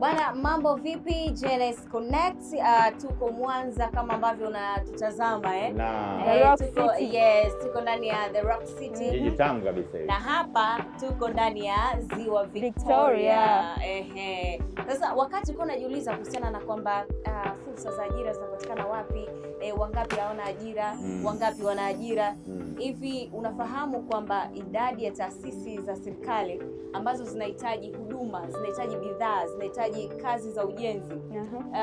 Bwana, mambo vipi? Jeles Connect uh, tuko Mwanza kama ambavyo unatutazama eh? Eh, tuko, yes, tuko ndani ya The Rock City. Mm -hmm. Na hapa tuko ndani ya Ziwa Victoria. eh. Sasa wakati uko unajiuliza kuhusiana na kwamba uh, fursa za ajira zinapatikana wapi, eh, wangapi hawana ajira, mm. wangapi wana ajira mm. hivi, mm. unafahamu kwamba idadi ya taasisi za serikali ambazo zinahitaji huduma, zinahitaji bidhaa, zinahitaji kazi za ujenzi uh,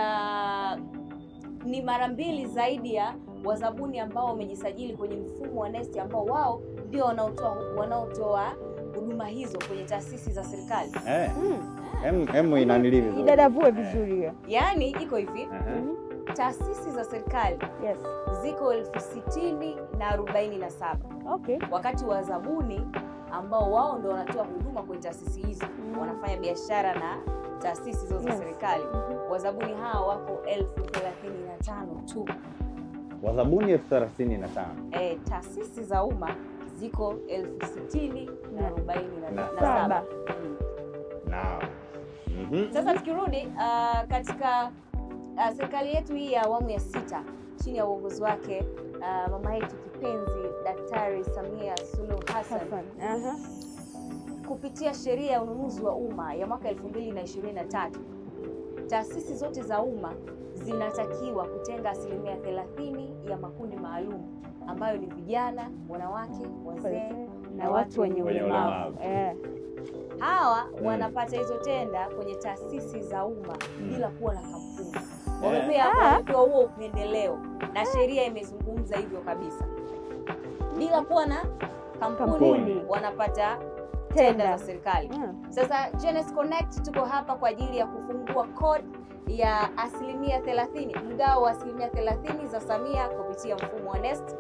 ni mara mbili zaidi ya wazabuni ambao wamejisajili kwenye mfumo wa NeST ambao wao ndio wanaotoa wanaotoa huduma hizo kwenye taasisi za serikali. Hey. Eh, eh, hmm. vizuri. Idadavue vizuri eh, Yaani iko hivi. Uh -huh. Mhm. Taasisi za serikali yes, ziko elfu sitini na arobaini na saba. Okay. Wakati wazabuni ambao wao ndio wanatoa huduma kwenye taasisi hizi mm. wanafanya biashara na taasisi hizo za yes. serikali. Mm-hmm. Wazabuni hawa wako elfu thelathini na tano tu, wazabuni elfu thelathini na tano. Eh, taasisi za umma ziko elfu sitini na arobaini na saba. Mm. Mm-hmm. Sasa tukirudi uh, katika uh, serikali yetu hii ya awamu ya sita chini ya uongozi wake uh, mama yetu kipenzi Daktari Samia Suluhu Hassan uh -huh. kupitia sheria ya ununuzi wa umma ya mwaka 2023 taasisi zote za umma zinatakiwa kutenga asilimia 30 ya makundi maalum ambayo ni vijana, wanawake, wazee na watu wenye ulemavu eh. Hawa mm. wanapata hizo tenda kwenye taasisi za umma bila kuwa na Umea ah. kwa huo upendeleo na sheria imezungumza hivyo kabisa, bila kuwa na kampuni wanapata tenda za serikali. Hmm. Sasa Genesis Connect tuko hapa kwa ajili ya kufungua code ya asilimia 30 mgao wa asilimia 30 za Samia kupitia mfumo wa NeST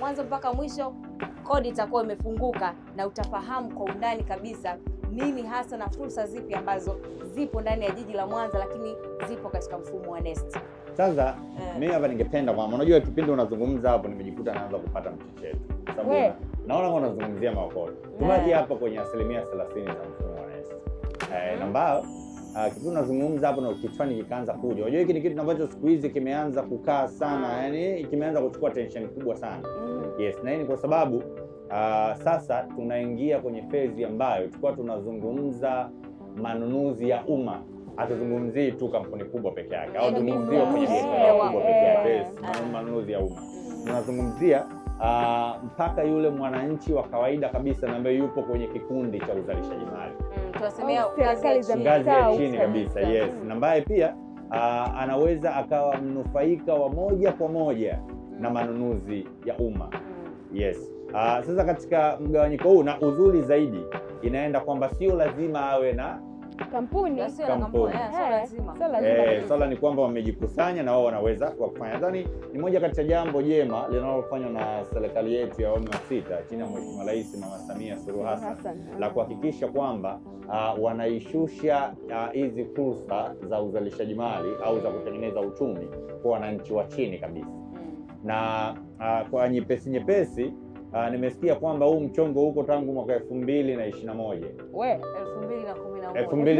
mwanzo mpaka mwisho. Kodi itakuwa imefunguka na utafahamu kwa undani kabisa nini hasa na fursa zipi ambazo zipo ndani ya jiji la Mwanza, lakini zipo katika mfumo wa NeST? Sasa uh, eh. mimi hapa ningependa kwamba unajua kipindi unazungumza hapo nimejikuta naanza kupata mchecheto, sababu naona unazungumzia maokoto. Eh. Tumaji hapa kwenye asilimia 30 za mfumo wa NeST eh, ambao Uh, ah, kitu unazungumza hapo na kichwani kikaanza kuja. Unajua hiki ni kitu ambacho siku hizi kimeanza kukaa sana, ah. yani kimeanza kuchukua tension kubwa sana. Mm. Yes, na hii ni kwa sababu Uh, sasa tunaingia kwenye fezi ambayo tulikuwa tunazungumza manunuzi ya umma, hatuzungumzii tu kampuni kubwa peke yake au tuzungumzie kwenye biashara kubwa peke yake, manunuzi ya umma tunazungumzia uh, mpaka yule mwananchi wa kawaida kabisa na ambaye yupo kwenye kikundi cha uzalishaji mali mm, ngazi ya chini kabisa yes, na ambaye pia uh, anaweza akawa mnufaika wa moja kwa moja na mm. manunuzi ya umma mm. yes. Aa, ah, sasa katika mgawanyiko huu na uzuri zaidi inaenda kwamba sio lazima awe na kampuni, kampuni. Eh, eh, eh, swala ni kwamba wamejikusanya na wao wanaweza kufanya. Nadhani ni moja kati ya jambo jema linalofanywa na serikali yetu ya awamu ya sita chini ya Mheshimiwa Rais Mama Samia Suluhu Hassan eh. la kuhakikisha kwamba uh, wanaishusha ah, hizi uh, fursa za uzalishaji mali au za kutengeneza uchumi kwa wananchi wa chini kabisa mm. na uh, kwa nyepesi nyepesi Uh, nimesikia kwamba huu mchongo huko tangu mwaka elfu mbili na ishirini na moja elfu mbili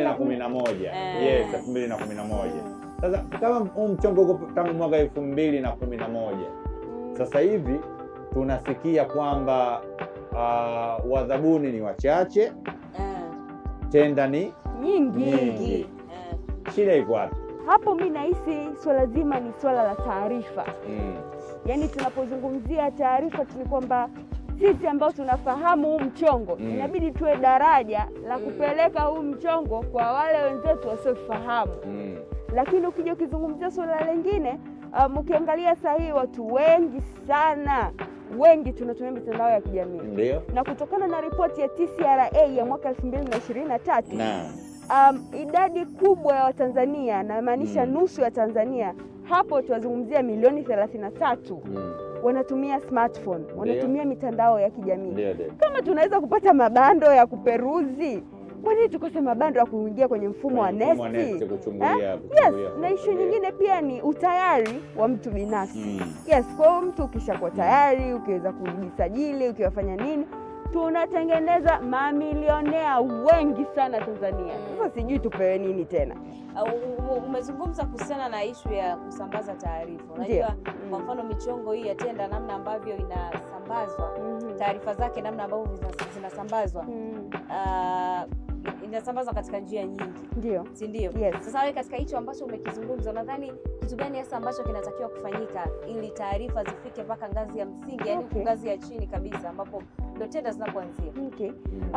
na kumi na moja eh. yes, elfu mbili na kumi na moja Sasa kama huu mchongo huko tangu mwaka elfu mbili na kumi na moja mm. sasa hivi tunasikia kwamba uh, wadhabuni ni wachache, eh. tenda ni nyingi, nyingi. Eh. Shida iko wapi hapo? Mi nahisi swala zima ni swala la taarifa mm. Yaani tunapozungumzia taarifa tu ni kwamba sisi ambao tunafahamu huu mchongo mm. inabidi tuwe daraja la kupeleka huu mchongo kwa wale wenzetu wasiofahamu mm. Lakini ukija ukizungumzia suala lingine um, ukiangalia saa hii watu wengi sana wengi tunatumia mitandao ya kijamii na kutokana na ripoti ya TCRA ya mwaka mbili na um, idadi kubwa ya Watanzania namaanisha mm. nusu ya Tanzania hapo tuwazungumzia milioni 33 mm. wanatumia smartphone, wanatumia mitandao ya kijamii. Kama tunaweza kupata mabando ya kuperuzi, kwa nini tukose mabando ya kuingia kwenye mfumo wa nesti? Eh? Yes, na ishu nyingine pia ni utayari wa mtu binafsi mm. Yes, kwa mtu ukishakuwa tayari, ukiweza kujisajili, ukiwafanya nini tunatengeneza mamilionea wengi sana Tanzania. Mm. Sasa sijui tupewe nini tena. Uh, umezungumza kuhusiana na ishu ya kusambaza taarifa. Unajua mm. kwa mfano michongo hii ya Tenda, namna ambavyo inasambazwa mm-hmm. taarifa zake, namna ambavyo zinasambazwa uh, inasambazwa katika njia nyingi, ndio, si ndio? Yes. Sasa wewe katika hicho ambacho umekizungumza, unadhani kitu gani hasa ambacho kinatakiwa kufanyika ili taarifa zifike mpaka ngazi ya msingi, yaani okay, ngazi ya chini kabisa ambapo ndio tenda zinapoanzia? Okay.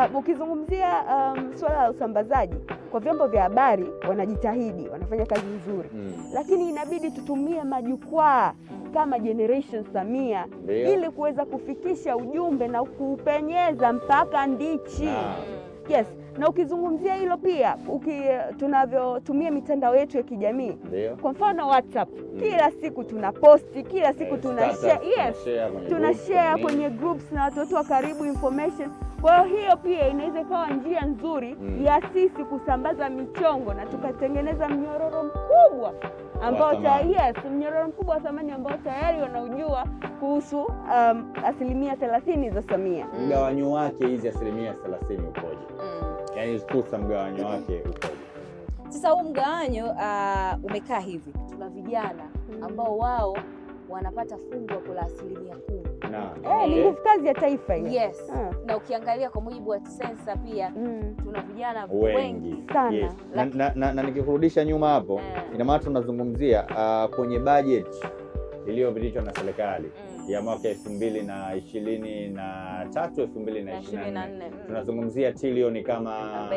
Uh, ukizungumzia um, suala la usambazaji kwa vyombo vya habari wanajitahidi, wanafanya kazi nzuri mm. Lakini inabidi tutumie majukwaa kama Generation Samia Dio, ili kuweza kufikisha ujumbe na kuupenyeza mpaka ndichi nah. Hmm. Yes, na ukizungumzia hilo pia uki, tunavyotumia mitandao yetu ya kijamii kwa mfano WhatsApp mm. kila siku tuna posti, kila siku eh, tuna share, yes, tuna share kwenye groups na watu wetu wa karibu information. Kwa hiyo hiyo pia inaweza ikawa njia nzuri mm. ya sisi kusambaza michongo na tukatengeneza mnyororo mkubwa ambao ta, yes, mnyororo mkubwa wa thamani ambao tayari wanaujua kuhusu um, asilimia thelathini za Samia. Mgawanyo mm. wake hizi asilimia thelathini ukoje? mm yani kusa mgawanyo wake ukoje? Sasa huu mgawanyo uh, umekaa hivi, tuna vijana ambao wao wanapata fungu kula asilimia kumi eh, ni nguvu kazi ya taifa hiyo. Yes. Ah. Na ukiangalia kwa mujibu wa sensa pia mm. tuna vijana wengi sana. Yes. Na, na, na, na nikikurudisha nyuma hapo, eh. ina maana tunazungumzia uh, kwenye bajeti iliyopitishwa na serikali mm ya mwaka elfu mbili na ishirini na tatu elfu mbili na ishirini na nne tunazungumzia trilioni kama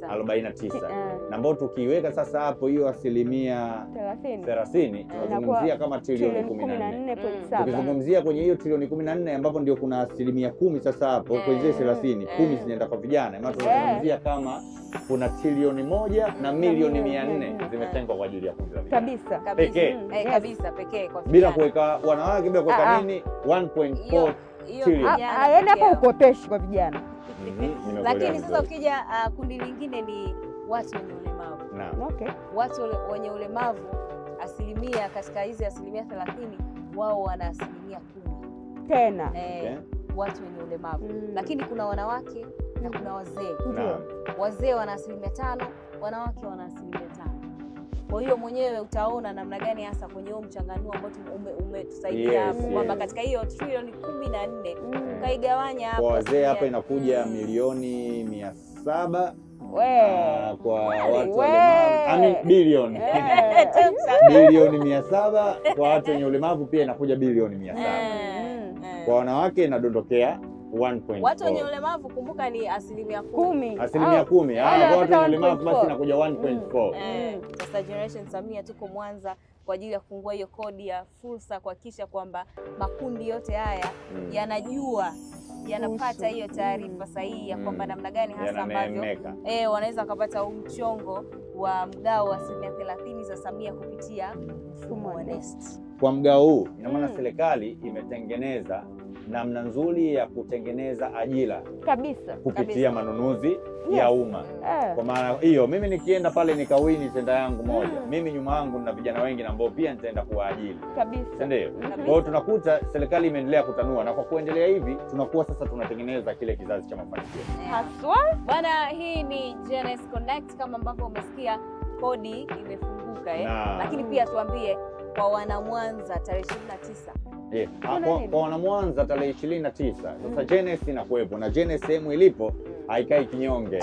49 eh. na ambao tukiiweka sasa hapo hiyo asilimia thelathini tunazungumzia kama trilioni nne mm. Tukizungumzia kwenye hiyo trilioni nne ambapo ndio kuna asilimia kumi sasa hapo kwenye eh. thelathini kumi eh. zinaenda kwa vijana, maana tunazungumzia kama kuna trilioni moja na milioni mia nne zimetengwa kwa ajili ya kundi la vijana pekee mm, eh, kabisa, pekee kwa bila kuweka wanawake, bila kuweka ah, ah. nini, 1.4 trilioni. Ah, yaani hapo ukopeshi kwa vijana. Mhm, lakini sasa ukija kundi lingine ni watu wenye ulemavu. Okay, watu wenye ulemavu asilimia katika hizi asilimia 30 wao wana asilimia kumi tena, eh, watu wenye ulemavu, mm. lakini kuna wanawake vijana, kuna wazee. Wazee wana asilimia tano, wanawake wana asilimia tano. Kwa hiyo mwenyewe utaona namna gani hasa kwenye huo mchanganuo ambao umetusaidia ume hapo, yes, yes. Katika hiyo trilioni kumi na nne mm. ukaigawanya kwa wazee hapa inakuja mm. milioni mia saba ah, kwa watu walemavu yaani bilioni eh, bilioni mia saba kwa watu wenye ulemavu pia inakuja bilioni mia saba eh, kwa eh. wanawake inadondokea Watu wenye ulemavu kumbuka ni asilimia kumi, asilimia kumi. Ah, ah, watu wenye ulemavu basi inakuja 1.4. Mm. Eh, mm. Sasa Generation Samia tuko Mwanza kwa ajili ya kufungua hiyo kodi ya fursa, kuhakikisha kwamba makundi yote haya mm. yanajua yanapata hiyo taarifa sahihi ya kwamba mm. namna gani hasa ambavyo eh, wanaweza wakapata mchongo wa mgao wa asilimia thelathini za Samia kupitia mfumo wa NeST. Kwa mgao huu ina maana mm. serikali imetengeneza namna nzuri ya kutengeneza ajira kabisa kupitia manunuzi yes, ya umma eh. Kwa maana hiyo mimi nikienda pale nikawini tenda yangu mm. moja mm. Mimi nyuma yangu na vijana wengi na ambao pia nitaenda kuwaajiri kabisa, ndio. Kwa hiyo tunakuta serikali imeendelea kutanua, na kwa kuendelea hivi tunakuwa sasa tunatengeneza kile kizazi cha mafanikio haswa. Bwana, hii ni Genes Connect kama ambavyo umesikia, kodi imefunguka eh? Lakini pia tuambie kwa wana mwanza tarehe 29 yeah. Kwa mwanza tarehe ishirini na tisa mm. sasa Genes inakuwepo na Genes sehemu ilipo mm. haikai kinyonge.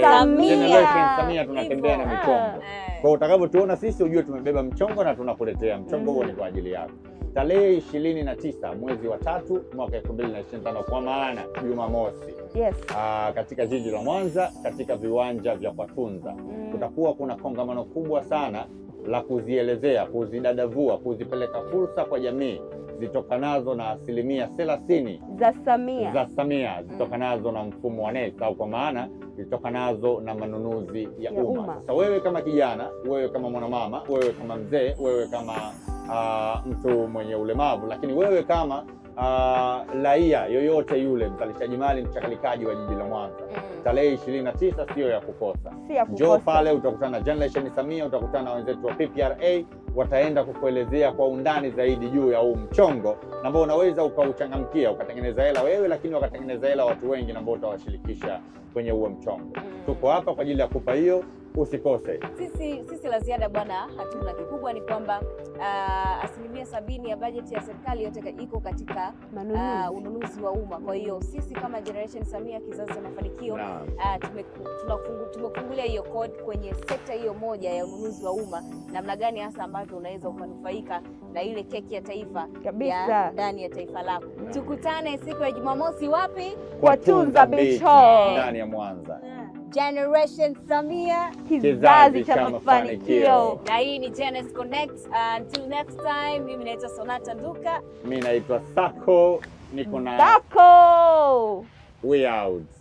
Samia tunatembea na michongo ah, eh. kwa utakavyotuona sisi ujue tumebeba mchongo na tunakuletea mchongo huo, mm. ni kwa ajili yako mm. tarehe ishirini na tisa mwezi wa tatu mwaka elfu mbili na ishirini na tano kwa maana Jumamosi, yes. Ah, katika jiji la Mwanza katika viwanja vya Kwatunza kutakuwa kuna kongamano kubwa sana la kuzielezea, kuzidadavua, kuzipeleka fursa kwa jamii zitokanazo na asilimia thelathini za Samia, za Samia zitokanazo na mfumo wa NEST au kwa maana zitokanazo na manunuzi ya, ya umma. Sasa wewe kama kijana, wewe kama mwanamama, wewe kama mzee, wewe kama uh, mtu mwenye ulemavu, lakini wewe kama Ah, raia uh, yoyote yule mzalishaji mali mchakalikaji wa jiji la Mwanza mm. tarehe ishirini na tisa siyo ya kukosa, njoo pale utakutana na Generation Samia, utakutana na wenzetu wa PPRA wataenda kukuelezea kwa undani zaidi juu ya huu mchongo ambao unaweza ukauchangamkia ukatengeneza hela wewe, lakini wakatengeneza hela watu wengi ambao utawashirikisha kwenye huo mchongo. Mm. Tuko hapa kwa ajili ya kupa hiyo usikose. Sisi, sisi la ziada bwana hatuna. Kikubwa ni kwamba uh, asilimia sabini ya bajeti ya serikali yote iko katika uh, ununuzi wa umma. Kwa hiyo sisi kama Generation Samia kizazi cha mafanikio uh, tumefungulia hiyo kod kwenye sekta hiyo moja ya ununuzi wa umma, namna gani hasa ambavyo unaweza ukanufaika na ile keki ya taifa kabisa ndani ya, ya taifa lako. Tukutane siku ya Jumamosi wapi? Kwa Tunza Beach Hall ndani ya Mwanza. Generation Samia kizazi cha mafanikio. Na hii ni Genes Connect. Uh, until next time, mimi naitwa Sonata Nduka. Mimi naitwa Sako, niko na Sako. We out.